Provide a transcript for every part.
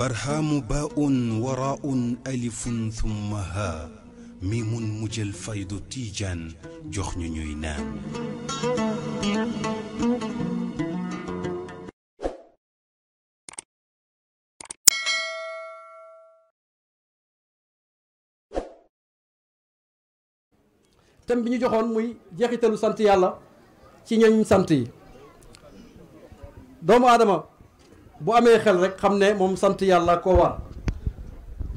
barhaamu baa'un waraa'un alifun thumma haa miimun mu jël faydu tiijaan jox ñu ñuy naan. thème bi ñu joxoon muy jeexitalu sant yàlla ci ñooñ sant yi doomu aadama bu amé xel rek xamné mom moom sant yàlla ko war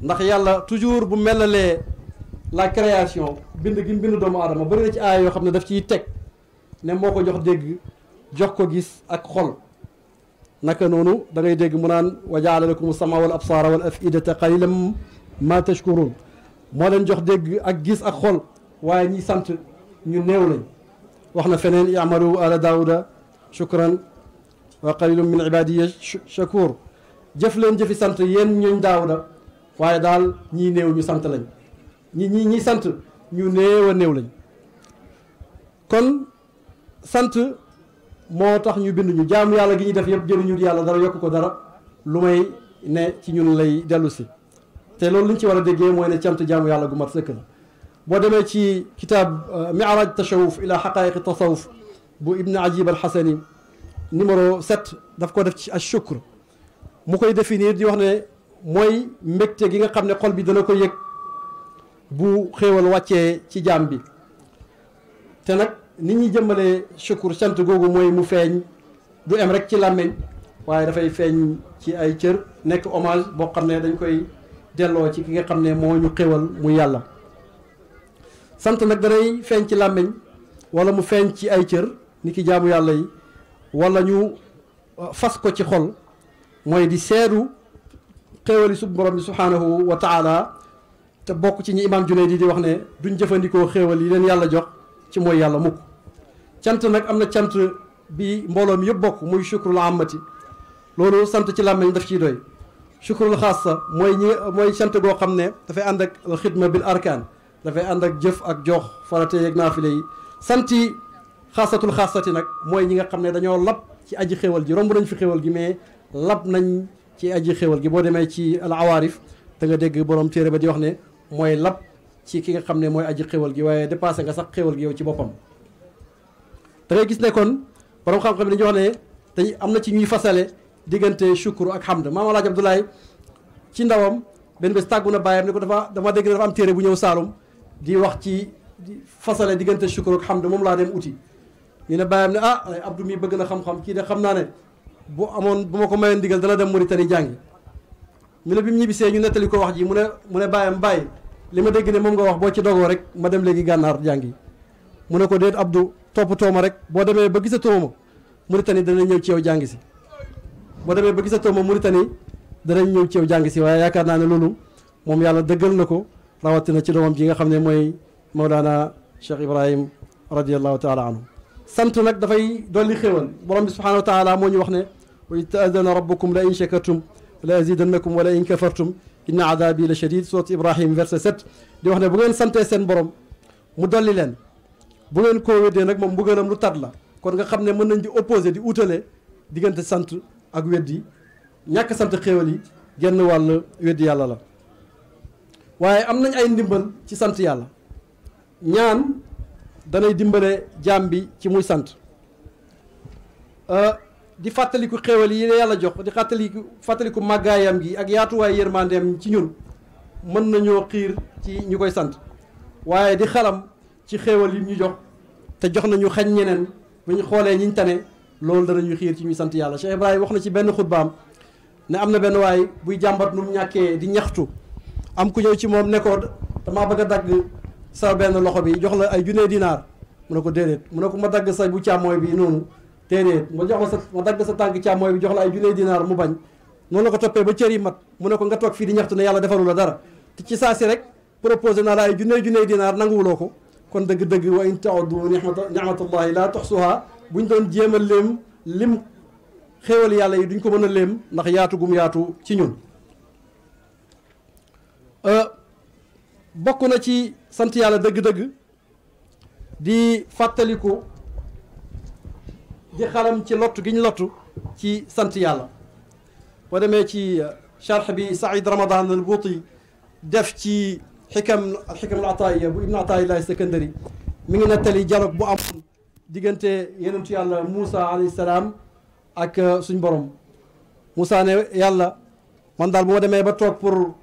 ndax yàlla toujours bu melalé la création bind gi bind doomu aadama bari na ci ay yo xamné daf ci tek ne moko jox dégg jox ko gis ak xol naka nonu da ngay dégg mu nan waja'alakum samaa wal absara wal afidata qalilan ma tashkurun mo len jox dégg ak gis ak xol waye ñi sant ñu néew lañ waxna na feneen yamalu ala daawuda shukran wa qalilum min ibadiya shakur jëf leen jëfi sant yéen ñooñ daawuda waaye daal ñii néew ñu sant lañ ñi ñi ñi sant ñu néew a néew lañ kon sant moo tax ñu bind ñu jaamu yàlla gi ñu def yëpp jëriñu yàlla dara yokk ko dara lu may ne ci ñun lay dellu si te loolu liñ ci war a déggee mooy ne cant jaamu yàlla gu mat sëkk la boo demee ci kitaab uh, mi'raj tashawuf ila xaqaayiqi tasawuf bu ibn ajib al numéro 7 daf ko def ci a shukr mu koy définir di wax ne mooy mbégte gi nga xam ne xol bi dana ko yëg bu xéewal wàccee ci jaam bi te nag nit ñi jëmbalee shukr sant googu mooy mu feeñ du em rek ci làmmeñ waaye dafay feeñ ci ay cër nekk hommage boo xam ne dañ koy delloo ci ki nga xam ne moo ñu xéewal mu yàlla sant nag danay feeñ ci làmmiñ wala mu feeñ ci ay cër ni ki jaamu yàlla yi wala ñu fas ko ci xol moy di seeru xewali sub borom subhanahu wa taala te bokk ci ñi imam Junayd di di wax ne duñ jëfëndiko xewal yi leen yàlla jox ci moy yàlla mukk cant nak amna na cant bi mbolom yeb bok moy shukrul amati lolu sant ci lamay daf ci doy shukrul khassa moy ñi moy sant go xamne da fay ànd ak khidma bil arkan da fay ànd ak jëf ak jox farate yeeg naafile yi sant xaasatul xaasati nag mooy ñi nga xam ne dañoo lab ci aji xéwal gi romb nañ fi xéwal gi mais lab nañ ci aji xéwal gi boo demee ci al awaarif da nga dégg borom téere ba di wax ne mooy lab ci ki nga xam ne mooy aji xéwal gi waaye dépassé nga sax xéwal gi yow ci boppam da ngay gis ne kon borom xam-xam dañuy wax ne dañ am na ci ñuy fasale diggante shukru ak hamd maam alaaj Abdoulaye ci ndawam benn bés tàggu na bàyyam ne ko dafa dafa dégg ne dafa am téere bu ñëw Saalum di wax ci fasale diggante shukru ak hamd moom laa dem uti ñu ne bàyyam ne ah Abdou mi bëgg na xam-xam kii de xam naa ne bu amoon bu ma ko mayoon digal dana dem Mauritanie jàngi ñu ne bi mu ñibbisee ñu nettali ko wax ji mu ne mu ne bàyyam bàyyi li ma dégg ne moom nga wax boo ci dogoo rek ma dem léegi gànnaar jàngi mu ne ko déet Abdou toppatoo ma rek boo demee ba gisatoo ma Mauritanie dana ñëw ci yow jàngi si boo demee ba gisatoo ma Mauritanie danañ ñëw ci yow jàng si waaye yaakaar naa ne loolu moom yàlla dëggal na ko rawatina ci doomam ji nga xam ne mooy Mawlana Cheikh Ibrahim radiallahu taala anhu sant nag dafay dolli xéewal borom bi subhanahu wa taala moo ñu wax ne wa id taadana rabbukum la in shakartum la azidannakum wala in kafartum inna adabi la shadid surat ibrahim verset 7 di wax ne bu ngeen santee seen borom mu dolli leen bu ngeen ko weddee nag moom mbugalam lu tat la kon nga xam ne mën nañ di opposé di utale diggante sant ak weddi ñàkk sant xéewal yi genn wàll weddi yàlla la waaye am nañ ay ndimbal ci sant yàlla ñaan danay dimbale jaam bi ci muy sant euh, di fàttaliku xéewal yi la yàlla jox di fàttaliku fàttaliku màggaayam gi ak yaatuwaay yërmandeem ci ñun mën nañoo xiir ci ñu koy sant waaye di xalam ci xéewal yi ñu jox te jox nañu xañ ñeneen bu ñu xoolee ñiñ tane loolu danañu xiir ci ñuy sant yàlla Cheikh Ibrahima wax na ci benn xutbaam ne am na benn waay buy jàmbat nu mu ñàkkee di ñaxtu am ku ñëw ci moom ne ko bëgg a dagg sa benn loxo bi jox la ay junne dinaar mu ne ko déedéet mu ne ko ma dagg sa bu càmmooy bi noonu déedéet ma jox ma sa ma dagg sa tànk càmmooy bi jox la ay junne dinaar mu bañ noonu la ko toppee ba cër yi mat mu ne ko nga toog fii di ñaxtu ne yàlla defaru la dara te ci saa si rek proposé naa la ay junne junne dinaar nanguwuloo ko kon dëgg-dëgg wa in taoddu ni'matullahi laa bu ñu doon jéem a léem lim xéewal yàlla yi duñ ko mën a léem ndax yaatu yaatu ci ñun euh, bokk na ci sant yàlla dëgg-dëgg di fataliko di xalam ci lottu gi ñu lottu ci sant yàlla boo demee ci charx bi Saïd Ramadan al Bouti def ci xikam xikam al ataaya bu ibnu ataayillahi Sekandari mi ngi nettali dialogue bu am diggante yenentu yàlla Moussa alayhi salaam ak suñ borom Moussa ne yàlla man daal bu ma demee ba toog pour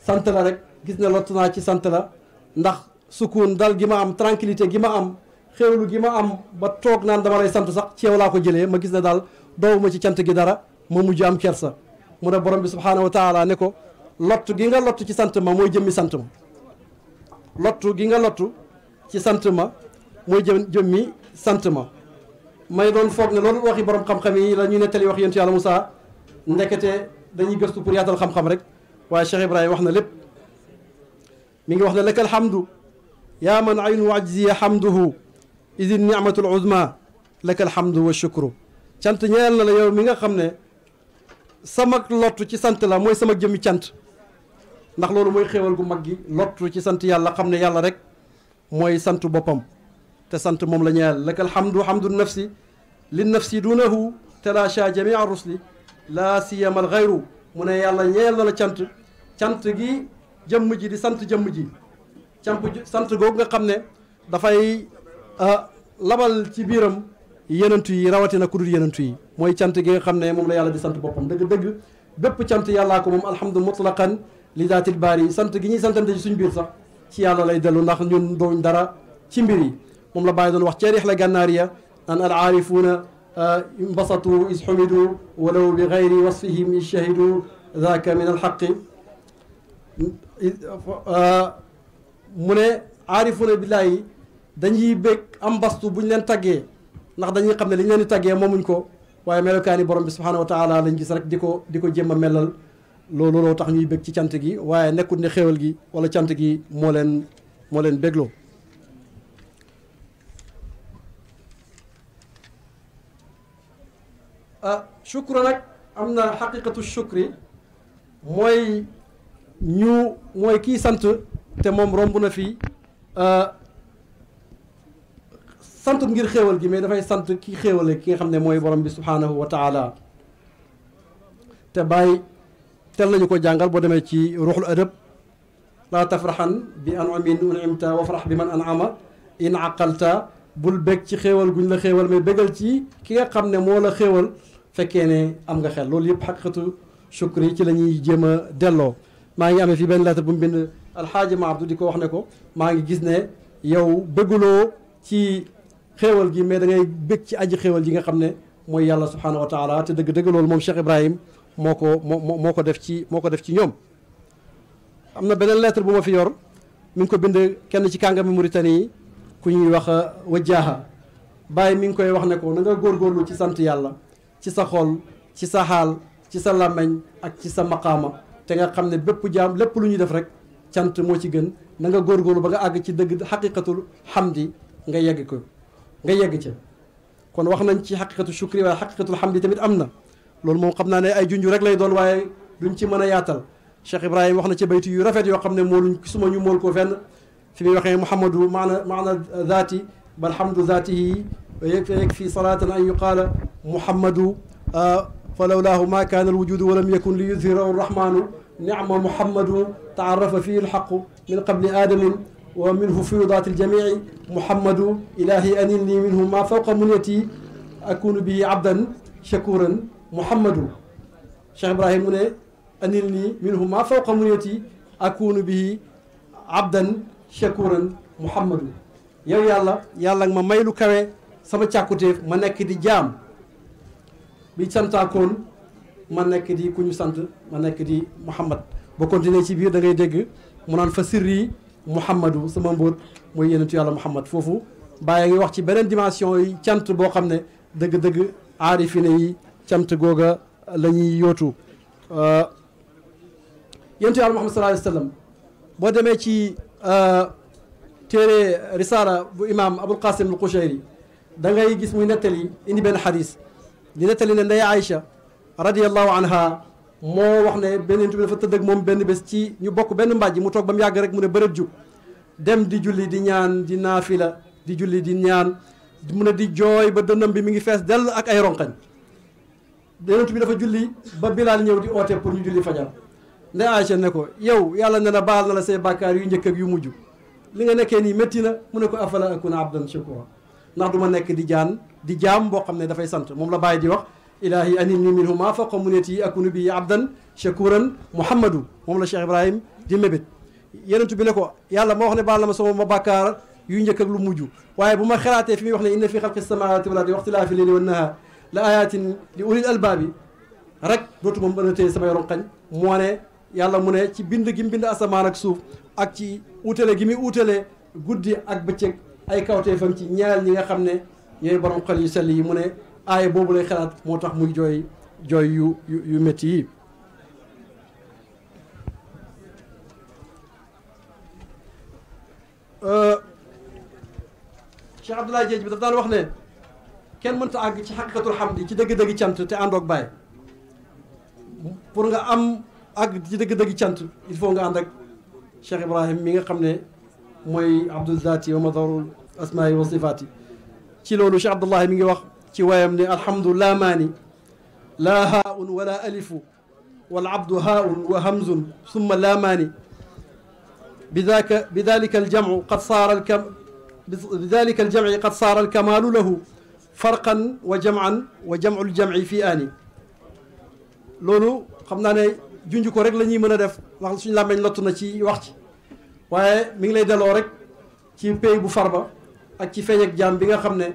sant la rek gis ne lott naa ci sant la ndax sukun dal gi ma am tranquillité gi ma am xéewlu gi ma am ba toog naan dama lay sant sax ci laa ko jëlee ma gis ne daal ma ci cant gi dara ma mujj am kersa mu ne borom bi subhaanahu wa taala ne ko lott gi nga lott ci sant ma mooy jëmmi sant ma gi nga lott ci sant ma mooy jëm jëmmi sant ma may doon foog ne loolu waxi borom xam-xam yi la ñuy nettali wax yonent yàlla Moussa ndekete dañuy gëstu pour yaatal xam-xam rek waaye Cheikh Ibrahima wax na lépp mi ngi wax ne laka alhamdu yaa man aynu ajziya hamduhu idin nicmatul uzma laka alhamdu wa shukru cant ñeel na la yow mi nga xam ne sama lottu ci sant la mooy sama jëmmi cant ndax loolu mooy xéewal gu mag gi lottu ci sant yàlla xam ne yàlla rek mooy sant boppam te sant moom la ñeel laka alhamdu hamdu nafsi li nafsi dunahu talaasha jamia rusli laa siyama alxayru mu ne yàlla ñeel na la cant cant gi jëmm ji di sant jëmm ji camp sant gog nga xamne da fay labal ci biram yenentu yi rawati na dul yenentu yi moy cant gi nga xamne mom la yàlla di sant bopam deug deug bépp cant yalla ko mom alhamdu mutlaqan li daatil bari sant gi ñi santante ci suñ biir sax ci yàlla lay delu ndax ñun dooñ dara ci mbiri mom la baye doon wax ceerix la gànnaariya an al arifuna imbasatu is xumidu walaw bi gayri wasfihim is ذاك من الحق Euh, mu ne aarifuna billaahi yi dañuy bég am bastu buñ leen taggee ndax dañuy xam ne li ñu leen di taggee moomuñ ko waaye melokaani borom bi subhaanahu wa taala lañ gis rek di ko di ko jéem a melal loolu loo tax ñuy bëgg ci cant gi waaye nekkul ne xéewal gi wala cant gi moo leen moo leen bégloo ah nag am na xaqiqatu shukri mooy ñu mooy kii sant te moom romb na fii sant ngir xéewal gi mais dafay sant ki xéewale ki nga xam ne mooy borom bi subhaanahu wa taala te bàyyi tel nañu ko jàngal boo demee ci ruuxul adab laa tafraxan bi an'amin un'imta wafrax bi man an'ama in aqalta bul bég ci xéewal guñ la xéewal mais bégal ci ki nga xam ne moo la xéewal fekkee ne am nga xel loolu yëpp xaqiqatu shukri ci la ñuy jéem a delloo maa ngi amee fi benn lettre bu mu bind alxaaji ma abdu di ko wax ne ko maa ngi gis ne yow bëgguloo ci xéewal gi mais da ngay bëgg ci aji xewal gi nga xam ne mooy yàlla subhaanahu wa taala te dëgg dëgg loolu moom Cheikh Ibrahim moo ko moo moo ko def ci moo ko def ci ñoom am na beneen lettre bu ma fi yor mi ngi ko bind kenn ci kàngami Mauritanie yi ku ñuy wax uh, wajjaaha bàyyi mi ngi koy wax ne ko na góor góorgóorlu ci sant yàlla ci sa xol ci sa xaal ci sa làmmeñ ak ci sa maqaama te nga xam ne bépp jaam lépp lu ñuy def rek cant moo ci gën na nga góorgóorlu ba nga àgg ci dëgg xaqiqatul xamdi nga yegg ko nga yegg ca kon wax nañ ci xaqiqatu shukri waaye xaqiqatul xamdi tamit am na loolu moom xam naa ne ay junju rek lay doon waaye duñ ci mën yaatal Cheikh Ibrahim wax ci baytu yu rafet yoo xam ne mooluñ suma ñu mool ko fenn fi muy waxee Muhammadu maana maana zaati bal hamdu zaatihi yakfi salaatan an yuqaala Muhammadu falawlaahu ma kaana alwujudu walam yakun li yudhirahu نعم محمد تعرف فيه الحق من قبل آدم ومنه فيضات الجميع محمد إلهي أنني منه ما فوق منيتي أكون به عبدا شكورا محمد شيخ إبراهيم mu أنني منه ما فوق منيتي أكون به عبدا شكورا محمد يا yàlla يا الله may lu kawe sama càkkutéef ma nekk di jaam bi ma nekk di ku ñu sant ma nekk di Mouhamad boo continuer ci biir da ngay dégg mu naan fa sirri Mouhamadu sama mbóot mooy yonentu yàlla Mouhamad foofu bàyyi ngi wax ci beneen dimension yi cant boo xam ne dëgg-dëgg aarifine yi cant googa la yootu yóotu euh, yonentu yàlla Mouhamad sallallahu alayhi boo demee ci euh, téere risaala bu imaam Abul Qasim al Qushayri da ngay gis muy nettali indi benn xadis di nettali ne ndey Aïcha radiyallahu anha moo wax ne benn yonent bi dafa tëdd ak moom benn bés ci ñu bokk benn mbàjj mu toog ba mu yàgg rek mu ne bërët jug dem di julli di ñaan di naafila di julli di ñaan mu ne di jooy ba dënnam bi mi ngi fees dell ak ay ronqañ yonent bi dafa julli ba bilaal ñëw di oote pour ñu julli fajar nde Aïcha ne ko yow yàlla ne na baal na la see bàkkaar yu njëkk ak yu mujj li nga nekkee nii metti na mu ne ko afala akuna abdan shakura ndax du ma nekk di jaan di jaam boo xam ne dafay sant moom la bàyyi di wax ilaahi anilni minhuma fa community akunu bi abdan shakuran muhammadu moom la Cheikh Ibrahim di mébét yenentu bi ne ko yàlla moo wax ne baal na ma sama ma bàkkaar yu njëkk ak lu mujj waaye bu ma xalaatee fi muy wax ne inna fi xalqi samawati wal ardi wa ixtilaafi leyli wan nahaar la ayatin li ulil albaabi rek dootuma mën a téye samay ronqañ moo ne yàlla mu ne ci bind gi mu bind asamaan ak suuf ak ci utale gi muy utale guddi ak bëccëg ay kawteefam ci ñaar ñi nga xam ne ñooy borom xel yu sell yi mu ne ay bobu lay xalat motax muy joy joy yu yu métti yi euh Cheikh Abdoulaye Dièdje bi daf dal wax ne kenn mënta àgg ci xaqiqatul xamdi ci dëgg-dëgg cant te àndoog baay pour nga am àgg ci dëgg-dëgg cant il faut nga ànd ak Cheikh Ibrahim mi nga xam ne Abdul Zaati wa Madarul Asmaai wa Sifaati ci loolu Cheikh Abdoulaye mi ngi wax ci الحمد لله ماني لا هاء ولا ألف والعبد هاء وهمز ثم ماني بذاك بذلك الجمع قد صار الكم بذلك الجمع قد صار الكمال له فرقا وجمعا وجمع الجمع في آني لولو خمنا ني جونجو كو ريك لا ني مانا ديف واخ سوني لامن لاتو سي واخ سي واي ميغي لاي دالو ريك سي بي بو فاربا اك سي فاجك جام بيغا خمنه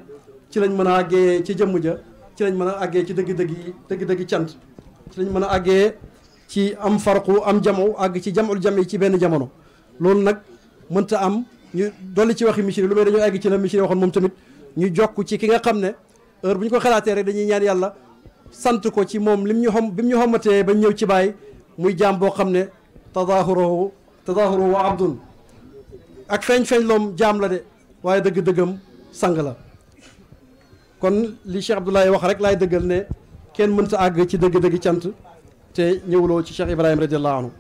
ci lañ mën a àggee ci jëmm ja ci lañ mën a àggee ci dëgg-dëgg yi dëgg-dëgg cant ci lañ mën a àggee ci am farqu am jamo àgg ci jamul jam yi ci benn jamono loolu nag mënta am ñu dolli ci waxi misiri lu may dañoo àgg ci la misiri waxoon moom tamit ñu jokk ci ki nga xam ne heure bu ñu ko xalaatee rek dañuy ñaan yàlla sant ko ci moom lim ñu xam bi mu ñu xamatee ba ñëw ci bàyyi muy jaam boo xam ne tadahuruhu tadahuruhu wa abdun ak feeñ-feeñ loom jaam la de waaye dëgg-dëggam sang la kon li Cheikh Abdoulaye wax rek laay dëggal ne kenn mënta àgg ci dëgg-dëgg cant te ñëwuloo ci Cheikh Ibrahima radiallahu anhu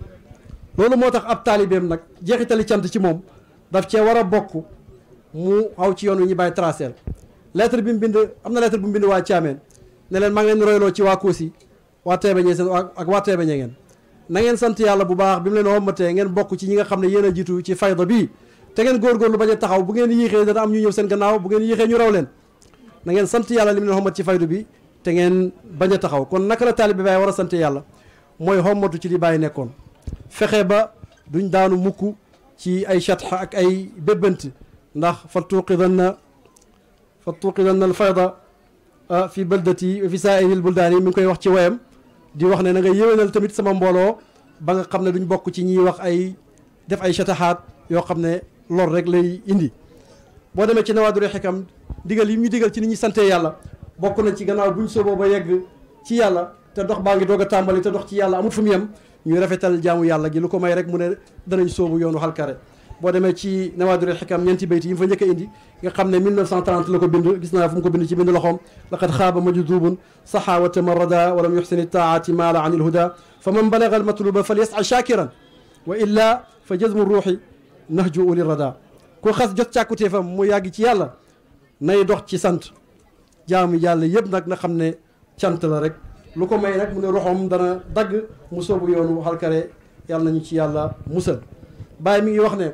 loolu moo tax ab taalibeem nag jeexitali cant ci moom daf cee war a bokk mu aw ci yoon wi ñu bàyyi tracé lettre bi mu bind am na lettre bi mu bind waa Thiamène ne leen maa ngi leen ci waa Kousi waa Teebeñe seen ak waa Teebeñe ngeen na ngeen sant yàlla bu baax bi mu leen wommatee ngeen bokk ci ñi nga xam ne yéen a jiitu ci fayda bii te ngeen góorgóorlu bañ a taxaw bu ngeen yéexee raw leen na ngeen sant yàlla li mu leen xommat ci faydu bi te ngeen bañ a taxaw kon naka la taalibe Baay war a sant yàlla mooy xommatu ci li Baay nekkoon fexe ba duñ daanu mukk ci ay chatxa ak ay bébbant ndax fa tuuqidanna fa tuuqidanna al fayda fi baldati fi saairil buldaani mi ngi koy wax ci woyam di wax ne nga yéwénal tamit sama mbooloo ba nga xam duñ bokk ci ñiy wax ay def ay chataxaat yoo xam lor rek lay indi boo demee ci nawaadur xikam digal yi ñu digal ci ni ñuy sante yàlla bokku na ci gannaaw buñ sooboo ba yegg ci yàlla te dox baangi doga tàmbali te dox ci yàlla amu fu mu yam ñu rafetal jaamu yàlla gi lu ko may rek mu ne danañ soobu yoonu halkare bo démé ci nawadul hikam ñenti beyti yi fa njëkk indi nga xamné 1930 lako bindu gis na fu mu ko bindu ci bindu loxom laqad khaba majdubun saxa wa lam yuhsin at taati ma la anil huda faman balagha al-matluba falyasa shakiran wa illa fajazmu jazmu ruuxi nahju ulirada ko xass jot ciakute fam mu yàgg ci yàlla nay dox ci sant jaamu yàlla yëpp nag na xam ne cant la rek lu ko may nag mu ne roxoom dana dagg mu soobu yoonu xalkare yàlla nañu ci yàlla musal Baye mi ngi wax ne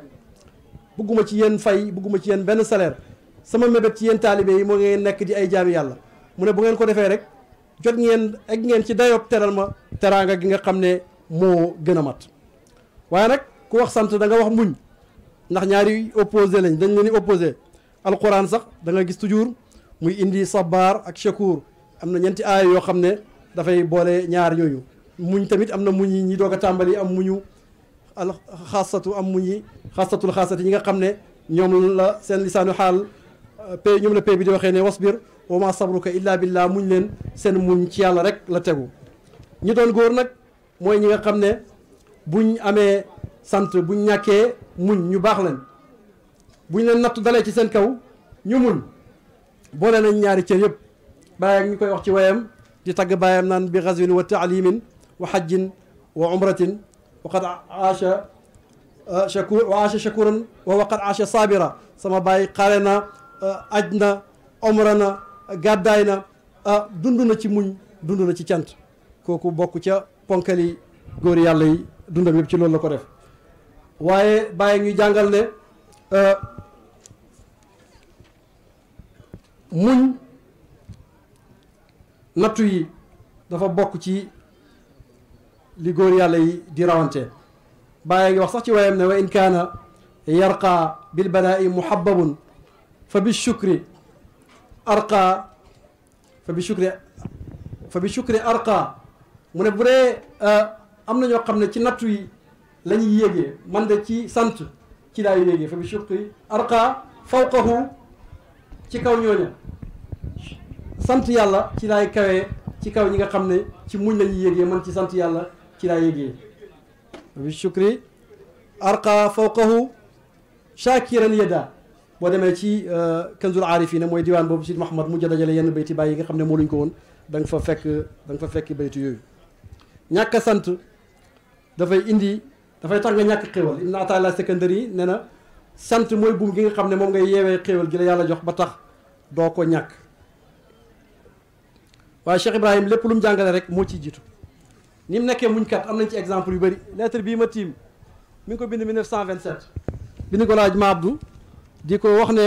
bugguma ci yéen fay bëgguma ci yenn benn salaire sama mébét ci yéen taalibe yi moo ngeen nekk di ay jaami yàlla mu ne bu ngeen ko defee rek jot ngeen egg ngeen ci dayob teral ma teraanga gi nga xam ne moo gën a mat waaye nag ku wax sant danga wax muñ ndax ñaari opposé lañ dañ leen ne opposé alquran sax danga gis toujours muy indi sabar ak shakur am na ñeenti aaya yoo xam ne dafay boole ñaar ñooñu muñ tamit am na muñ yi ñi doog a tàmbali am muñu al xaasatu am muñ yi xaasatul xaasati ñi nga xam ne ñoom la seen lisaanu xaal euh, pay ñoom la pay bi di waxee ne wasbir wa ma sabruka illa billah muñ leen seen muñ ci yàlla rek la tegu ñi doon nag mooy ñi nga xam ne buñ amee sant buñ ñàkkee muñ ñu baax leen buñ leen nattu dalee ci seen kaw ñu boole nañ ñaari cër yëpp bàyyi ak ñu koy wax ci wayam di tagg bàyyam naan bi xazwin wa taalimin wa xajjin wa umratin wa qad aasha shakur wa aasha shakuran wa wa qad aasha saabira sama bàyyi xare na aj na omra na gàddaay na dund na ci muñ dund na ci cant kooku bokk ca ponkali góor yàlla yi dundam yëpp ci loolu la ko def waaye bàyyi ñuy jàngal ne muñ nattu yi dafa bokk ci li góor yàlla yi di rawante bàyyi ngi wax sax ci wayam ne wa in kaana yarqaa bilbalaa'i muhabbabun fa bi shukri arqaa fa bi shukri fa bi shukri arqaa mu ne bu dee eh, am na ñoo xam ne ci nattu yi lañuy ñuy yéegee man de ci sant ci laay yéegee fa bi shukri arqaa fawqahu ci kaw ñooña sant yàlla ci laay kawee ci kaw ñi nga xam ne ci muñ lañuy yégee man ci sant yàlla ci laay yégee bi shukri arqa fawqahu shakiran yada boo demee ci euh, kanzul aarifina mooy diwaan boobu si Muhammad mujj dajale yenn bayti bàyyi yi nga xam ne moo luñ ko woon da nga fa fekk da nga fa fekk bayti yooyu ñàkk sant dafay indi dafay tax nga ñàkk xéwal ibn ataala secondary yi nee na sant mooy buum gi nga xam ne moom ngay yeewee xéwal gi la yàlla jox ba tax doo ko ñàkk waaye Cheikh Ibrahim lépp lu mu jàngale rek moo ciy jiitu ni mu nekkee muñkat am nañ ci exemple yu bëri lettre bii ma tiim mi ngi ko bind 1927 bi ni ko laaj ma Abdou di ko wax ne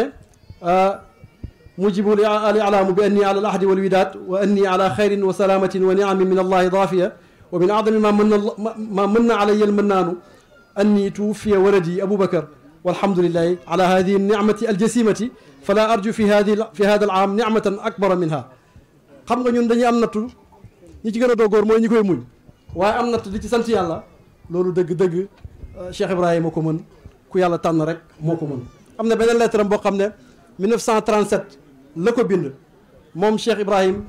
mujibu li alaamu bi anni ala al ahdi wal widaad wa anni ala xayrin wa salaamatin wa niamin min allahi daafiya wa min adami ma mën na ma mën na alayya almannaanu anni tuwuffiya waladi abubakar والحمد لله على هذه النعمة الجسيمة فلا أرجو في, هذه في هذا العام نعمة أكبر منها xam nga ñun dañuy am nattu ñi ci gën a doogóor mooy ñi koy muñ waaye am nattu di ci sant yàlla loolu dëgg-dëgg Cheikh Ibrahima ko mën ku yàlla tànn rek moo ko mën am na beneen lettre am boo xam ne 1937 la ko bind moom Cheikh Ibrahim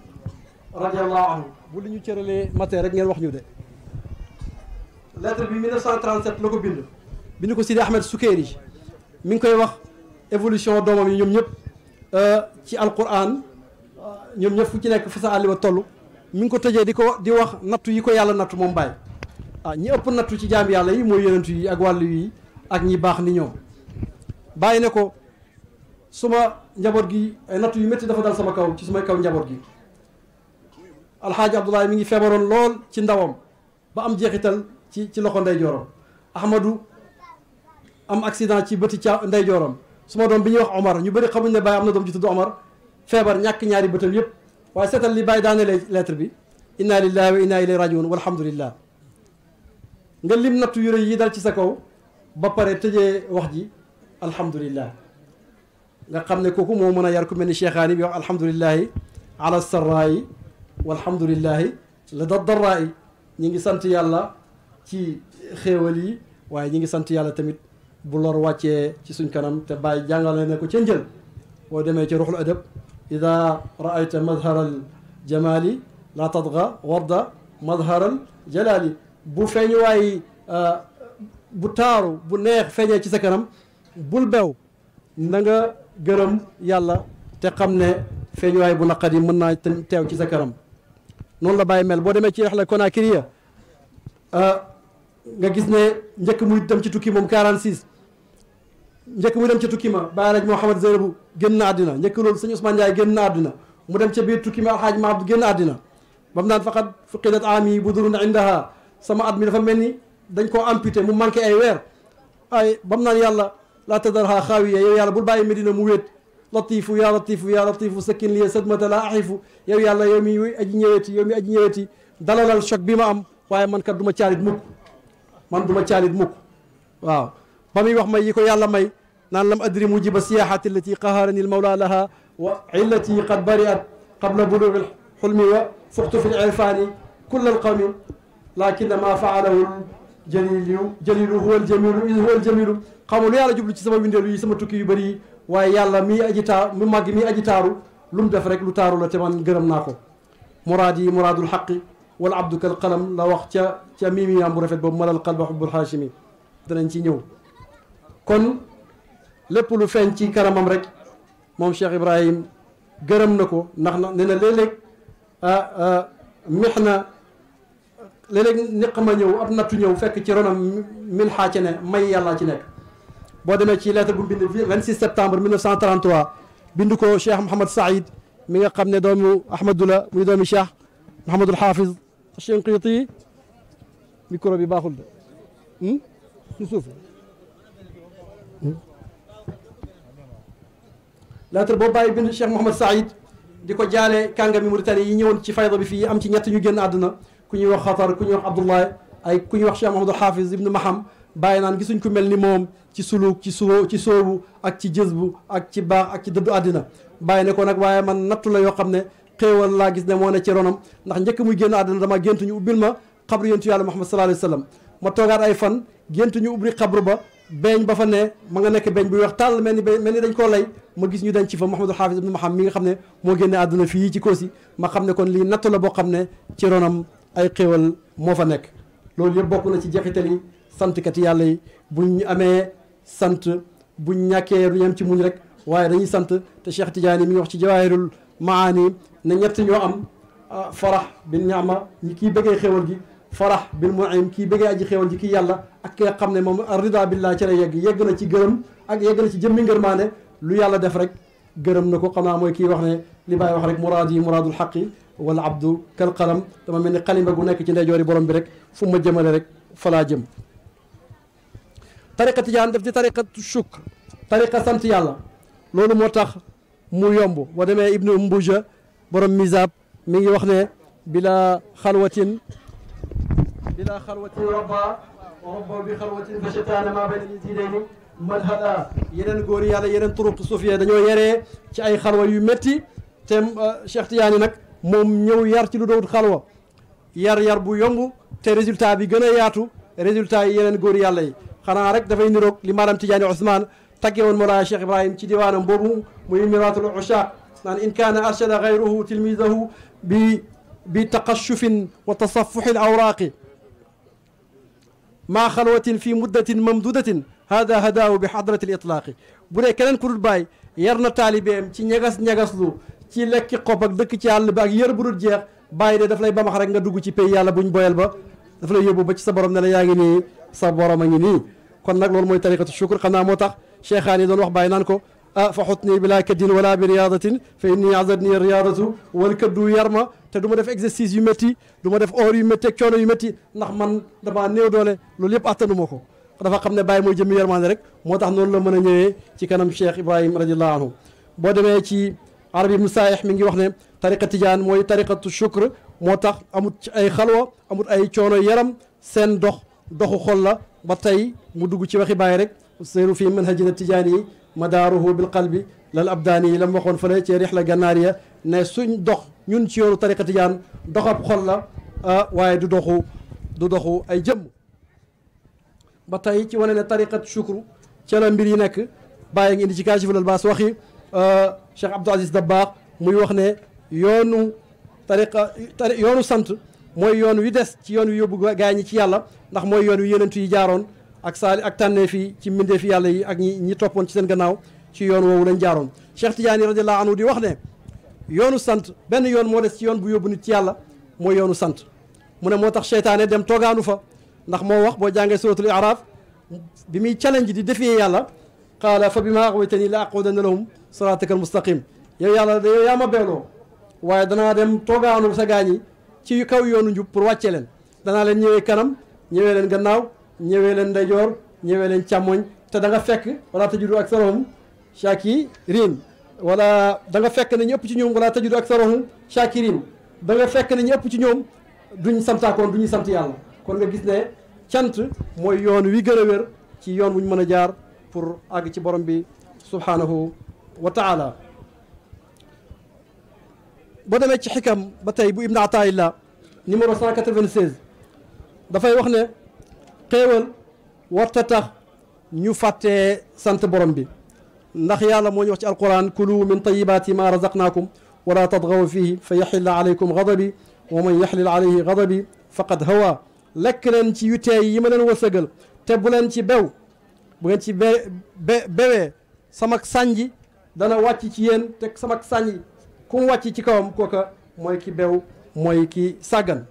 radiallahu anhu bu li ñu cëralee matin rek ngeen wax ñu de lettre bi 1937 la ko bind bi ko Sidi Ahmed Soukéri mi ngi koy wax évolution doomam yi ñoom ñëpp ci alquran ñoom ñëpp ku ci nekk fa sa àlli wa toll mi ngi ko tëjee di ko di wax nattu yi ko yàlla nattu moom bàyyi ah ñi ëpp nattu ci jaam yàlla yi mooy yonent yi ak wàll yi ak ñi baax ni ñoom bàyyi ne ko suma njaboot gi eh, nattu yu metti dafa dal sama kaw ci sumay kaw njaboot gi alxaaji abdoulaye mi ngi feebaroon lool ci ndawam ba am jeexital ci ci loxo nday joorom ahmadou am accident ci bëti ca nday joorom suma doom bi ñuy wax omar ñu bëri xamuñ ne bàyyi am na doom ji tudd omar feebar ñàkk ñaari bëtal yëpp waaye seetal li bàyyi daane lettre bi inna lillahi wa inna ilayhi rajiun walhamdulillah nga lim nattu yu rëy yi dal ci sa kaw ba pare tëjee wax ji alhamdulillah nga xam ne kooku moo mën a yar ku mel ni cheikhaani bi wax alhamdulillahi ala sarraayi walhamdulillahi la da darraayi ñi ngi sant yàlla ci xéewal yi waaye ñi ngi sant yàlla tamit bu lor wàccee ci suñ kanam te bàyyi jàngale na ko ca njël boo demee ci ruxul adab إذا رأيت مظهر الجمال لا تطغى ورد مظهر الجلال bu feeñ waay bu taaru bu neex feeñee ci sa kanam bul bew na nga gërëm yàlla te xam ne feeñ bu naqar yi mën naa teew ci sa kanam noonu la bàyyi mel boo demee ci Rihla Conakry ya euh, nga gis ne njëkk muy dem ci tukki moom 46 njëkk mu dem ca tukki ma bàyyi naj Mouhamed Zeynabu génn na àddina njëkk loolu sëñ Ousmane Ndiaye génn na àddina mu dem ca biir tukki ma alxaaj ma abdu génn na àddina bam naan faqat fuqidat ami bu durun indaha sama at mi dafa mel ni dañ koo amputé mu manqué ay weer ay bam naan yàlla laa tadarha xaawiya yow yàlla bul bàyyi Medina mu wéet latifu ya latifu ya latifu sakkin liya sadmata la axifu yow yàlla yow mi aji ñëweeti yow mi aji ñëweeti dalalal choc bi ma am waaye man kat du ma caalit mukk man du ma caalit mukk waaw بامي وخ ماي كو يالا ماي نان لم ادري موجب السياحه التي قهرني المولى لها وعلتي قد برئت قبل بلوغ الحلم وفقت في العرفان كل القوم لكن ما فعله جليل جليل هو الجميل إذ هو الجميل قاموا لي على جبل سما من دلو سما توكي بري واي يالا مي اجيتا مي ماغي مي اجيتارو لوم ديف رك لو تارو لا تمان غرم ناكو مرادي مراد الحق والعبد كالقلم لا وقت تاميمي ام رفت بو مال القلب حب الحاشمي دنا نتي نيو kon lépp lu feeñ ci kanamam rek moom Cheikh Ibrahim gërëm na ko ndax na nee na léeg-léeg ah, ah, mix na léeg-léeg niq ma ñëw ab nattu ñëw fekk ci ronam min xaa ci ne may yàllaa ci nekk boo demee ci lettre bu mu bind 26 septembre 1933 bind ko Cheikh Mouhamad Saïd mi nga xam ne doomu Ahmadou la muy doomu Cheikh Mouhamadul Hafiz Chinqiti micro bi baaxul de hmm? ci suuf lettre boobu bàyyi bind Cheikh Mouhamad Saïd di ko jaale kàngami Mauritanie yi ñëwoon ci fayda bi fii am ci ñett ñu génn àdduna ku ñuy wax xatar ku ñuy wax Abdoulaye ay ku ñuy wax Cheikh Mouhamadou Hafiz ibnu Maham bàyyi naan gisuñ ku mel ni moom ci suluk ci soo ci ak ci jëzbu ak ci baax ak ci dëddu àddina bàyyi ne ko nag waaye man nattu la yoo xam ne xéewal laa gis ne moo ne ci ronam ndax njëkk muy génn àddina dama géntuñu ubbil ma xabru yontu yàlla Muhammad sallallahu alayhi ma toogaat ay fan géntuñu ubbi xabru ba beeñ ba fa ne ma nga nekk beeñ bu weex tàll mel ni beeñ mel ni dañ koo lay ma gis ñu dañ ci fa Mouhamadou Hafiz ibn Mouham mi nga xam ne moo génne àdduna fii ci Kossy ma xam ne kon lii natt la boo xam ne ci ronam ay xéewal moo fa nekk loolu yëpp bokk na ci jeexital yi santkat yàlla yi ñu amee sant buñ ñàkkee du yem ci muñ rek waaye dañuy sant te Cheikh Tidiane mi ngi wax ci jawaahirul maani ne ñett ñoo am ah, farax bin ñaama ñi kii bëggee xéewal gi فرح بالمعين كي بيجي أجي خيون جي كي يلا أكيا قمنا مم الرضا بالله ترى يجي يجنا تي جرم أك يجنا تي جمين جرمانة لو يلا دفرك جرم نكو قنا موي كي وحنا لبا وحرك مرادي مراد الحقي والعبد كالقلم تمام من قلم بقولنا كي تنا جواري برم برك فما جمال رك فلا جم طريقة جان دفتي طريقة الشكر طريقة سمت يلا لون موتاخ مو يومبو ودمي ابن مبوجة برم ميزاب مي وحنا بلا خلوة بلا خلوة ربا وربا بخلوة فشتان ما بين اليدين مال هذا يلن غوري على يلن طرق صوفيا دانيو يري تي اي خلوة يمتي تم آه، شيخ تياني نك موم نيو يار تي دو خلوة يار يار بو يومبو تي ريزولتا بي غنا ياتو ريزولتا يلن غوري على خنا رك دا فاي نيروك لي مادام تياني عثمان تاكي اون مولا شيخ ابراهيم تي ديوان بوبو موي ميرات العشاق نان ان كان ارشد غيره تلميذه ب بتقشف وتصفح الاوراق مع خلوة في مدة ممدودة هذا هداه بحضرة الإطلاق بني كلن كرد باي يرنا تالي بيم تي نيغاس نيغاس لو تي لك قوبك دك تي يال باك يير برود جيخ باي دي دافلاي بام خرك نغا دوجو تي بي يالا بوغ بويل با دافلاي يوبو با تي صبروم ياغي ني صبروم ماغي ني كون نك موي طريقه الشكر خنا موتاخ شيخاني دون واخ فحطني بلا كد ولا برياضة فإني عذرني الرياضة والكد يرمى te du ma def exercice yu métti du ma def heure yu métti ak coono yu métti ndax man damaa néew doole loolu yëpp attanu ma ko dafa xam ne bàyyi mooy jëmmi yermande rek moo tax noonu la mën a ñëwee ci kanam Cheikh Ibrahim radiallahu anhu boo demee ci arab ibnu saayih mi ngi wax ne tariqa tijaan mooy tariqatu shukr moo tax amut ci ay xalwa amut ay coono yaram seen dox doxu xol la ba tey mu dugg ci waxi bàyyi rek seeru fi manhajina tijaan yi madaaruhu bil qalbi lal abdaani yi la mu waxoon fële ci rihla gànnaar ya ne suñ dox ñun ci yoonu tariqa tijaan doxab xol la waaye du doxu du doxu ay jëmm ba tey ci wane ne tariqat shukru ca la mbir yi nekk bàyyi ngi indi ci kaasiful albaas waxi Cheikh Abdou Aziz Dabbaax muy wax ne yoonu tariqa yoonu sant mooy yoon wi des ci yoon wi yóbbu gaa ñi ci yàlla ndax mooy yoon wi yenentu yi jaaroon ak saali ak tànneef yi ci mbindeef yàlla yi ak ñi ñi toppoon ci seen gannaaw ci yoon woowu lañ jaaroon Cheikh Tidiane radiallahu anhu di wax ne yoonu sant benn yoon moo des ci yoon bu yóbbu nit ci yàlla mooy yoonu sant mu ne moo tax seytaanee dem toogaanu fa ndax moo wax boo jàngee suratul araf bi muy challenge di defee yàlla qaala fa bima aghwaytani la aqudanna lahum siratakal mustaqim yow yàlla da yow yaa ma beeloo waaye danaa dem toogaanu sa gaañi ci kaw yoonu njub pour wàccee leen danaa leen ñëwee kanam ñëwee leen gannaaw ñëwee leen ndeyjoor ñëwee leen càmmoñ te da nga fekk wala tajidu ak sarohum shakirin wala da nga fekk ne ñu ëpp ci ñoom wala tajidu ak sarohum shakirin da nga fekk ne ñu ëpp ci ñoom duñ santaakoon duñu sant yàlla kon nga gis ne cant mooy yoon wi gën a wér ci yoon wuñ mën a jaar pour àgg ci borom bi subhaanahu wa taala boo demee ci xikam ba tey bu ibn ataillah numéro 196 dafay wax ne xéewal warta tax ñu fàttee sant borom bi ndax yàlla moo ñu wax ci alquran kulu min tayibaati ma razaqnaakum wala tadgaw fihi fa yaxilla alaykum gadabi wa man yaxlil alayhi gadabi faqad hawa lekk leen ci yu teey yi ma leen wërsëgal te bu leen ci bew bu ngeen ci be be bewee samak sànji dana wàcc ci yéen te samak sànji ku mu wàcc ci kawam kooka mooy ki bew mooy ki sàggan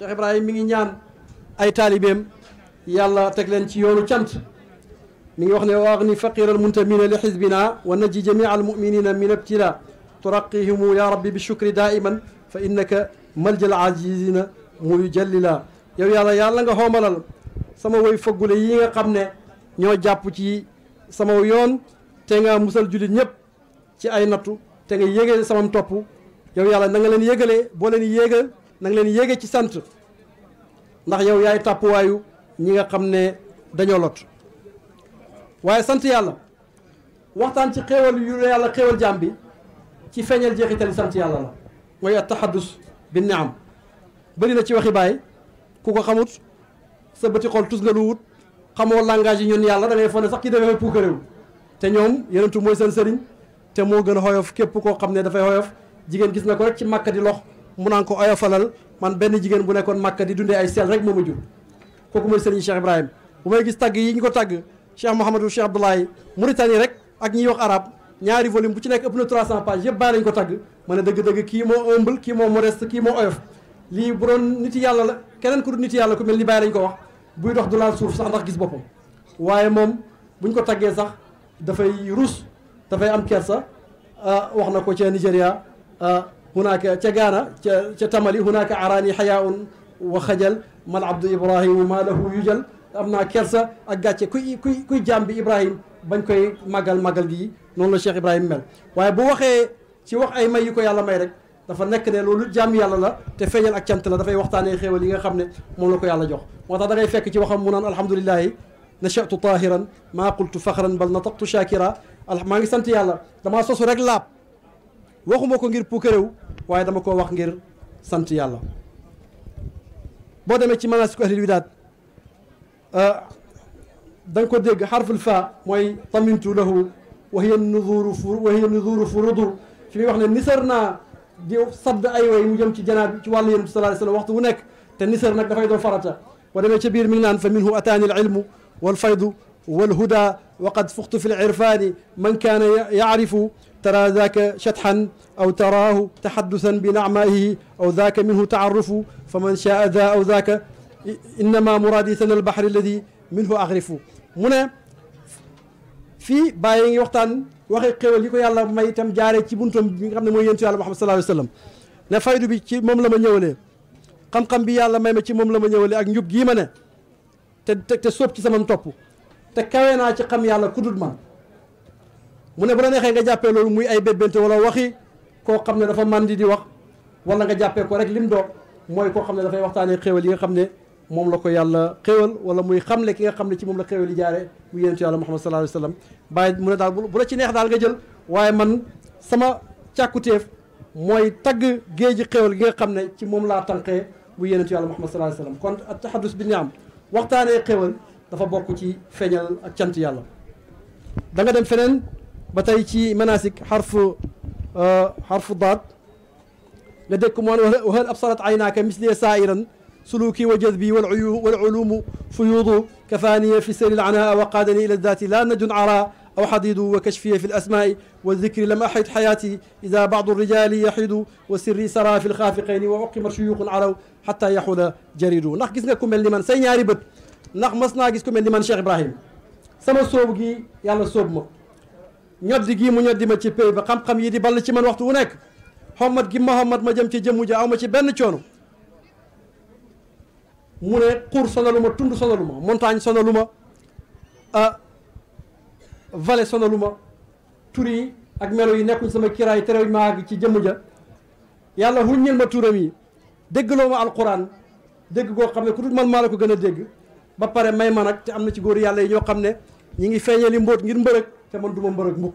Cheikh Ibrahim mi ngi ñaan ay taalibeem yàlla teg leen ci yoonu cant mi ngi wax ne wax ni faqiral muntamina li xisbina wa naji jamia al muminina min abtila turaqihimu ya rabbi bi shukri daiman fa innaka maljal azizina muyu jallila yow yàlla yàlla nga xoomalal sama woy faggule yi nga xam ne ñoo jàpp ci sama yoon te nga musal jullit ñëpp ci ay nattu te nga yégal samam topp yow yàlla na nga leen yégalee boo leen yégal na leen yéege ci sant ndax yow yaay tàppuwaayu ñi nga xam ne dañoo lot waaye sant yàlla waxtaan ci xéewal yu yàlla xéewal jaam bi ci feeñal jeexitali sant yàlla la mooy at taxaddus bi niam bëri na ci waxi baay ku ko xamut sa bëti xool tus nga lu wut xamoo langage yi ñun yàlla da ngay sax ki demee puukaréew te ñoom yenentu mooy seen sëriñ te moo gën a xoyof képp koo xam ne dafay xoyof jigéen gis na ko rek ci màkka di lox mun naan ko oyofalal man benn jigéen bu nekkoon màkka di dundee ay sel rek moo ma jur kooku mooy sëriñ Cheikh Ibrahim bu may gis tagg yi ñu ko tagg Cheikh Mouhamadou Cheikh Abdoulaye Mauritanie rek ak ñiy wax arab ñaari volume bu ci nekk ëpp na 300 pages yëpp bàyyi lañ ko tagg ma ne dëgg-dëgg kii moo humble kii moo modeste kii moo oyof lii bu doon nit yàlla la keneen ko dul nit yàlla ku mel ni bàyyi lañ ko wax buy dox du laal suuf sax ndax gis boppam waaye moom buñ ko taggee sax dafay ruus dafay am kersa ah, wax na ko ci Nigéria ah, هناك تجانا تتملي هناك عراني حياء وخجل مال عبد ابراهيم وما له يجل ابنا كرسا اجاتي كوي كوي كوي جامب ابراهيم بان كوي ماغال ماغال دي نون الشيخ ابراهيم مل واي بو وخي سي وخ اي ماي يكو يالله ماي رك دا فا نيك ني لولو جام يالله لا تي فيجال اك تانت لا دا فاي وقتاني خيو ليغا خامني مون لاكو يالله جوخ موتا دا غاي فك سي وخم مونان الحمد لله نشأت طاهرا ما قلت فخرا بل نطقت شاكرا ماغي سنت يالله دا ما سوسو رك لاب waxuma ko ngir puukaréew waaye dama koo wax ngir sant yàlla boo demee ci manaasiku ahlil wilaad da nga ko dégg xarful fa mooy tamintu lahu wa hiya nuzuru fu wa hiya nuzuru furudu fi muy wax ne nisar naa di sadd ay way mu jëm ci janaab ci wàllu yonent bi sallallahu alayhi wasallam waxtu wu nekk te nisar nag dafay doon farata boo demee ca biir mi ngi naan fa minhu ataani al ilmu wal faydu wal huda wa qad fuxtu fi l irfaani man kaana yaarifu ترى ذاك شطحا أو تراه تحدثا بنعمائه أو ذاك منه تعرف فمن شاء ذا أو ذاك إنما مرادي ثنا البحر الذي منه أغرف mu ne fii bàyyi ngi waxtaan waxi xéwal yi ko yàlla may itam jaare ci buntam bi nga xam ne mooy yentu yàlla Muhammad sallallahu alayhi wa sallam ne faydu bi ci moom la ma ñëwalee xam-xam bi yàlla may ma ci moom la ma ñëwalee ak njub gii ma ne te te sóob ci sama topp te kawe naa ci xam yàlla ku dul man mune bu la nexe nga jappé lolou muy ay bébenté wala waxi ko xamné dafa màndi di wax wala nga jappé ko rek lim do moy ko xamné da fay waxtane xéewal yi nga xamné mom la ko yàlla xéewal wala muy xamle ki nga xamné ci mom la xéewal yi jaare mu yonentu yàlla Muhammad sallallahu alayhi wasallam baye mune dal bu la ci nex dal nga jël waye man sama càkkutéef moy tag geejji xéewal gi nga xamné ci mom la tànqee mu yonentu yàlla Muhammad sallallahu alayhi wasallam kon at tahaddus bi niam waxtane xéewal dafa bokku ci feñal ak cant yàlla da nga dem fenen بتايتي مناسك حرف آه حرف الضاد لديكم وهل ابصرت عيناك مثلي سائرا سلوكي وجذبي والعلوم فيوض كفاني في سير العناء وقادني إلى الذات لا نج عرى أو حديد وكشفي في الأسماء والذكر لم أحد حياتي إذا بعض الرجال يحيد وسري سرى في الخافقين وعقم شيوخ عروا حتى يحول جريد نخ اللي من لمن سين ياربت نخ مسنا جس من لمن شيخ إبراهيم سما الصوب يلا الصوب مو ñoddi gii mu ñoddi ma ci pay ba xam-xam yi di ball ci man waxtu wu nekk xommat gi ma xommat ma jëm ci jëmmu ja aw ci benn coono mu ne xuur sonalu ma tund sonalu ma montagne lu ma ah vallée lu ma tur yi ak melo yi nekkuñ sama kiraay terew ma àgg ci jëmm ja yàlla huññil ma turam yi déggloo ma alquran dégg goo xam ne ku dul man maa la ko gën a dégg ba pare may ma nag te am na ci góor yàlla yi ñoo xam ne ñu ngi feeñali mbóot ngir mbërëg te man du ma mbërëg mukk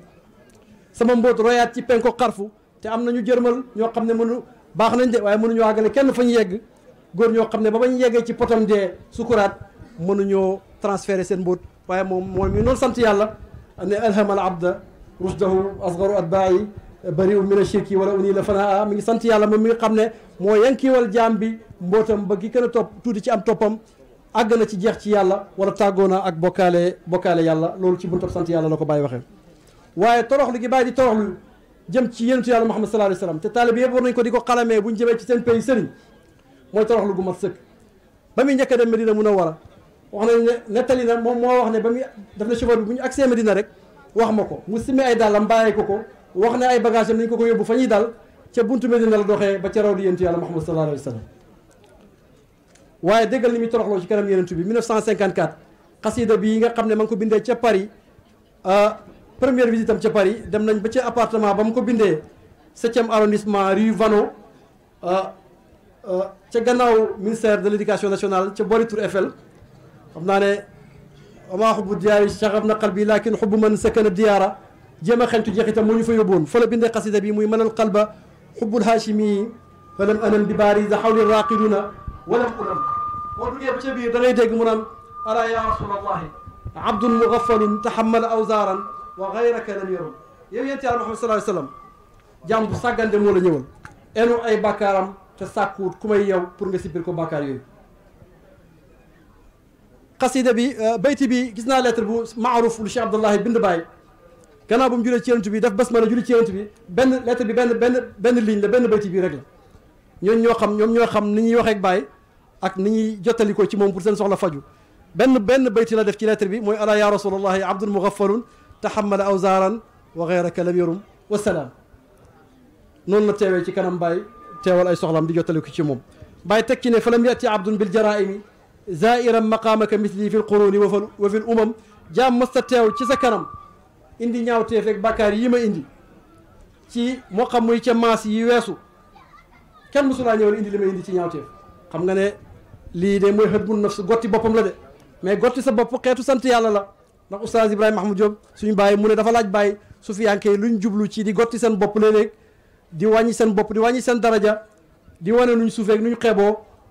sama mbóot royaat ci penko xarfu te am na ñu jërmal ñoo xam ne mënu baax nañ de waaye mënuñoo àggale kenn fa ñu yegg góor ñoo xam ne ba ñu yeggee ci potam dee sukuraat ñoo transféré seen mbóot waaye moom moom mi noonu sant yàlla ne alhamal abda rusdahu asgaru atbaayi bariw min ashirki wala unii la fanaa mi ngi sant yàlla moom mi nga xam ne moo yankiwal jaam bi mbootam ba ki kën topp tuuti ci am toppam àgg na ci jeex ci yàlla wala tàggoona ak bokkaale bokkaale yàlla loolu ci buntab sant yàlla la ko bàyyi waxee waaye toroxlu gi bàyyi di toroxlu jëm ci yenentu yàlla Muhammad sallallahu alayhi wasallam te taalibe yëpp war nañ ko di ko xalamee bu ñu jëmee ci seen pays sëriñ mooy toroxlu gu mat sëkk ba muy njëkk a dem Medina mun a war a wax nañ ne nettali na moom moo wax ne ba muy daf ne chauffeur bi bu ñu agsee Medina rek wax ma ko mu simmi ay dàllam bàyyi ko ko wax ne ay bagage am nañ ko ko yóbbu fa ñuy dal ca buntu Medina la doxee ba ca raw di yenentu yàlla Muhammad sallallahu alayhi wasallam waaye déggal ni muy toroxloo ci kanam yenentu bi 1954 xasida bi nga xam ne ma ngi ko bindee ca Paris euh, première visite am ca Paris dem nañ ba ci appartement ba mu ko bindee septième arrondissement rue Vano euh, euh, ca gannaaw ministère de l' éducation nationale ca boori Tour Eiffel xam naa ne amaa xubbu diyaari saxab na qalbi lakin xubbu man sakana diyaara jéem a xentu jeex itam moo ñu fa yóbboon folo la bindee xasida bi muy mënal qalba xubbul haashimi falam anam bi baari za xawli raaqiduna ولم أرم ومن يبتبي دليدك مرم أرى يا رسول الله عبد مغفل تحمل أوزارا وغيرك لم يرم يبي أنت يا محمد صلى الله عليه وسلم جام بساقان دمول نيول أنو أي بكارم تساكور كما يو برمسي بركو بكار يو قصيدة بي آه، بيتي بي كيسنا لاتر بو معروف لشي عبد الله بن دباي كان ابو مجري تيان تبي داف بس مالا جري تيان تبي بن لاتر بي بن بن بن لين بن بيتي بي رجل ñoo ñoo xam ñoom ñoo xam ni ñuy wax ak baye ak ni ñuy jottali ko ci moom pour seen soxla faju benn benn bayti la def ci lettre bi mooy alaa ya rasulallahi abdun mugaffalun taxamala awzaaran wa geyraka lam yarum wasalaam noonu la teewee ci kanam Baye teewal ay soxlaam di jottali ko ci moom Baye teg ci ne fa lam yati abdun bil jaraimi zairan maqaamaka misli fi lquruni wa fi l umam jaam masta teew ci sa kanam indi ñaaw ñaawteef ak bàkkaar yi ma indi ci moo xam muy ca maas yi weesu kenn mosulaa ñëw indi li indi ci ñaawteef لي دي موي حبو النفس غوتي بوبام لا دي مي غوتي سا بوب خيتو سانت يالا لا نك استاذ ابراهيم محمود جوب سوني باي مو ني دا فلاج باي سفيان كي لون جوبلو تي دي غوتي سان بوب لي ليك دي واني سان بوب دي واني سان درجه دي واني نون سوفيك نون خيبو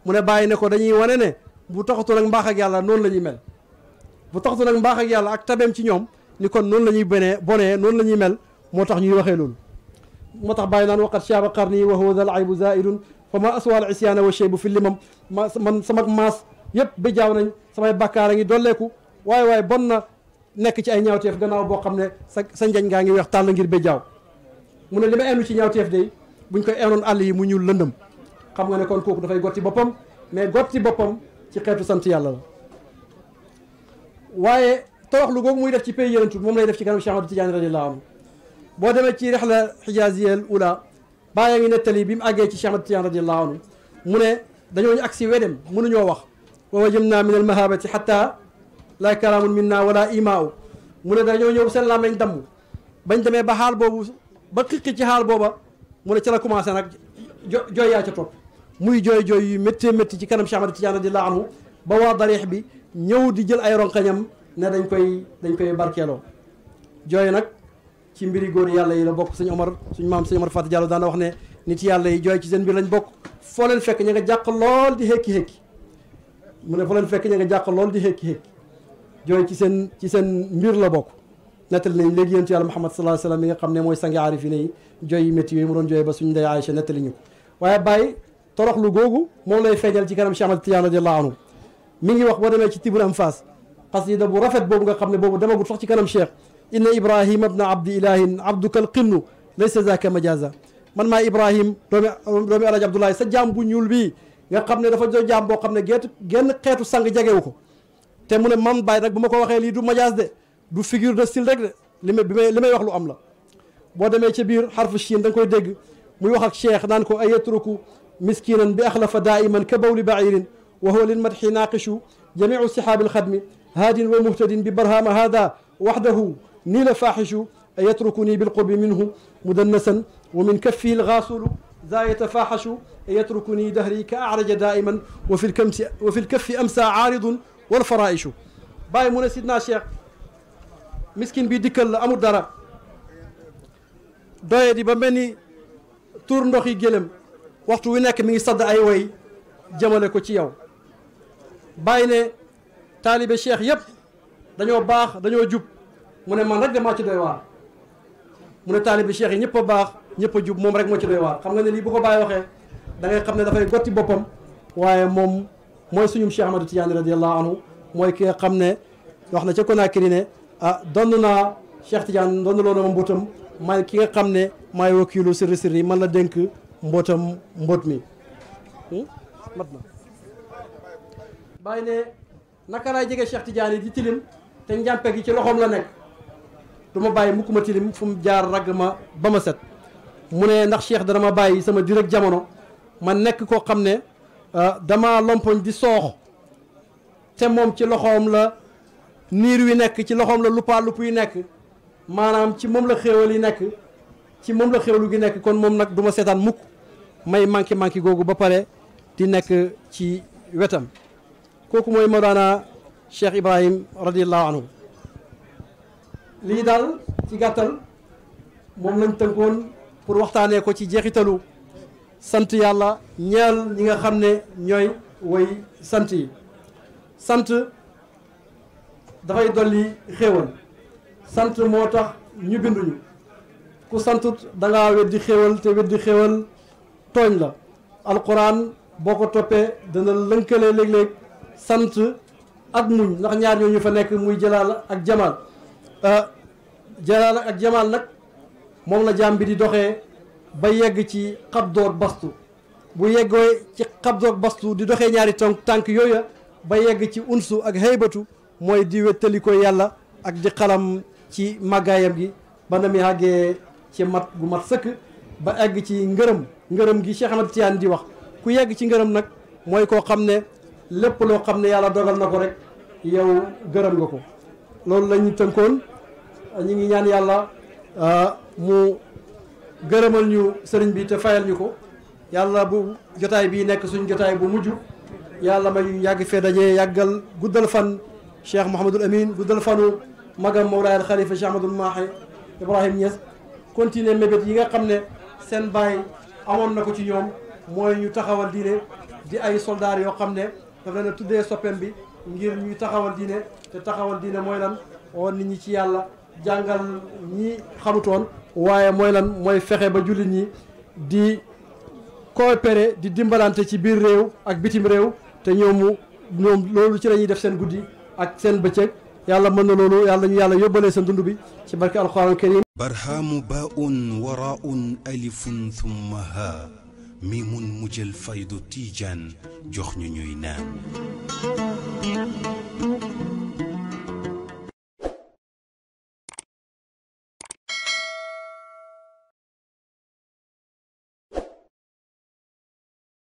مو ني باي نكو داني واني ني بو تاخوتو لك مباخ اك يالا نون لا مل بو تاخوتو لك مباخ اك يالا اك تابيم تي نيوم نون لا ني بني نون لا مل موتاخ ني وخه لول موتاخ باي شاب قرني وهو ذا العيب زائر fa ma aswaal isyaana wa shey bu fi limam ma man samak maas yëpp bi jaaw nañ samay bakkaar a ngi dolleeku waaye waaye bon na nekk ci ay ñaawteef gannaaw boo xam ne sa sa njañ ngaa ngi weex tàll ngir ba jaaw mu ne li ma enu ci ñaawteef day buñ koy enoon àll yi mu ñuul lëndëm xam nga ne koon kooku dafay gotti boppam mais gotti boppam ci xeetu sant yàlla la waaye toroxlu googu muy def ci pays yénantu moom lay def ci kanam Cheikh Ahmadou bàyyi ngi nettali bi mu àggee ci Cheikh Ahmad Tijaan radiyallahu anhu mu ne dañoo ñu agsi wedem mënuñoo wax wa wajamna min al mahabati xatta la kalaamun minna wala imaau mu ne dañoo ñëw seen làmmiñ damm bañ demee ba xaal boobu ba xiqi ci xaal booba mu ne ca la commencé nag jo jooy yaa ca topp muy jooy jooy yu méttee métti ci kanam Cheikh Ahmad Tijaan radiyallahu anhu ba waa dariix bi ñëw di jël ay ronkañam ne dañ koy dañ koy barkeeloo jooy nag ci mbiri góor yàlla yi la bokk sëñ Omar suñ maam sëñ Omar Fati Diallo daana wax ne nit yàlla yi jooy ci seen mbir lañ bokk foo leen fekk ña nga jàq lool di xekki-xekki mu ne foo leen fekk ña jàq lool di xekki-xekki jooy ci seen ci seen mbir la bokk nettali nañ léegi yonent yàlla Muhammad sallallahu alayhi wasallam mi nga xam ne mooy sangi aarifina yi jooy yi métti yooyu mu doon jooy ba suñ ndey Aïcha nettali ñu ko waaye bàyyi toroxlu googu moom lay feeñal ci kanam Cheikh Ahmad Tidiane radiyallahu anhu mi ngi wax boo demee ci tibur am faas xasida bu boobu nga xam ne boobu demagut ci kanam Cheikh inna ibrahima bna abdi ilahin abdukal qinnu laysa zaka majaza man maay ibrahim doomi doomi alaji abdoulahi sa jaam bu ñuul bii nga xam ne dafa jo jaam boo xam ne geetu genn xeetu sang jegewu ko te mu ne man bàyyi nag bu ma ko waxee lii du majaas de du figure de style rek de li may bi may li may wax lu am la boo demee ca biir xarfu chine da nga koy dégg muy wax ak cheikh naan ko ay yatruku miskinan bi axlafa daiman ka bawli bairin wa huwa lil madxi naaqishu jamiu sihaabil xadmi haadin wa muhtadin bi barhama hada waxdahu نيل فاحش يتركني بالقرب منه مدنسا ومن كفه الغاسل ذا يتفاحش يتركني دهري كأعرج دائما وفي الكمس وفي الكف أمسى عارض والفرائش باي من سيدنا الشيخ مسكين بيدك الأمر دارا doye دي بمني تور نوخي جلم وقت وينك من waxtu أي وي mi كوتيو sadd ay woy jëmale ko ci yow bàyyi mu ne man rek damaa ci doy waar mu ne taalibi cheikh yi ñëpp a baax ñëpp a jub moom rek moo ci doy waar xam nga ne lii bu ko bàyyi waxee da xam ne dafay gotti boppam waaye moom mooy suñum cheikh Ahmadou Tidiane radiallahu anhu mooy ki nga xam ne wax na ca Conakry ne ah donn naa cheikh Tidiane donn loolu ma mbootam may ki nga xam ne maay wakiilu sirri sirri man la dénk mbootam mboot mi hmm? mat na bàyyi ne naka laay jege cheikh Tidiane di tilim te njàmpe gi ci loxoom la nekk du ma bàyyi mukk ma tilim fu mu jaar ragg ma ba ma set mu ne ndax cheikh dana ma bàyyi sama dir ak jamono ma nekk koo xam ne euh, dama lompoñ di soox te moom ci loxoom la niir wi nekk ci loxoom la luppaa lupp yi nekk maanaam ci moom la xéewal yi nekk ci moom la xéewalu gi nekk kon moom nag du ma seetaan mukk may manqué manqué googu ba pare di nekk ci wetam kooku mooy Mawlaana Cheikh Ibrahim radiyallahu anhu lii daal ci gàttal moom lañ tënkoon pour waxtaanee ko ci jeexitalu sant yàlla ñeel ñi nga xam ne ñooy woy sant yi sant dafay dolli xéewal sant moo tax ñu binduñu ku santut da ngaa weddi xéewal te weddi xéewal tooñ la alquran boo ko toppee dana lënkale léeg sant ak muñ ndax ñaar ñu fa nekk muy jalaal ak jamaal Euh, jalaal ak jamaal nag moom la jaam bi di doxee ba yegg ci xabdoor bastu bu yeggoo ci xabdoor bastu di doxee ñaari tànk tànk yooya ba yegg ci unsu ak haybatu mooy di wettali ko yàlla ak di xalam ci màggaayam gi ba na mi àggee ci mat gu mat sëkk ba egg ci ngërëm ngërëm gi Cheikh Ahmad Tidiane di wax ku yegg ci ngërëm nag mooy koo xam ne lépp loo xam ne yàlla dogal na ko rek yow gërëm nga ko loolu la tënkoon ñu ngi ñaan yàlla euh, mu gërëmal ñu sëriñ bi te fayal ñu ko yàlla bu jotaay bii nekk suñ jotaay bu mujj yàlla ma ñu yàgg fee dajee yàggal guddal fan Cheikh Mouhamadul Amin guddal fanu magam Mawlaay al Khalifa Cheikh Ahmadul Mahi Ibrahim Niass continuer mébét yi nga xam ne seen baay amoon na ko ci ñoom mooy ñu taxawal diine di ay soldaar yoo xam ne daf leen a tuddee soppeem bi ngir ñu taxawal diine te taxawal diine mooy lan woon nit ñi ci yàlla jàngal ñi xamutoon waaye mooy lan mooy fexe ba jullit ni di coopérer di dimbalante ci biir réew ak bitim réew te ñoomu ñoom loolu ci lañuy def seen guddi ak seen bëccëg yàlla mën na loolu yàlla ñu yàlla yóbbalee sa dund bi ci barke alxuraan karim barhaamu baun waraun alifun thumma ha mimun mujjal faydu tijaan jox ñu ñuy naan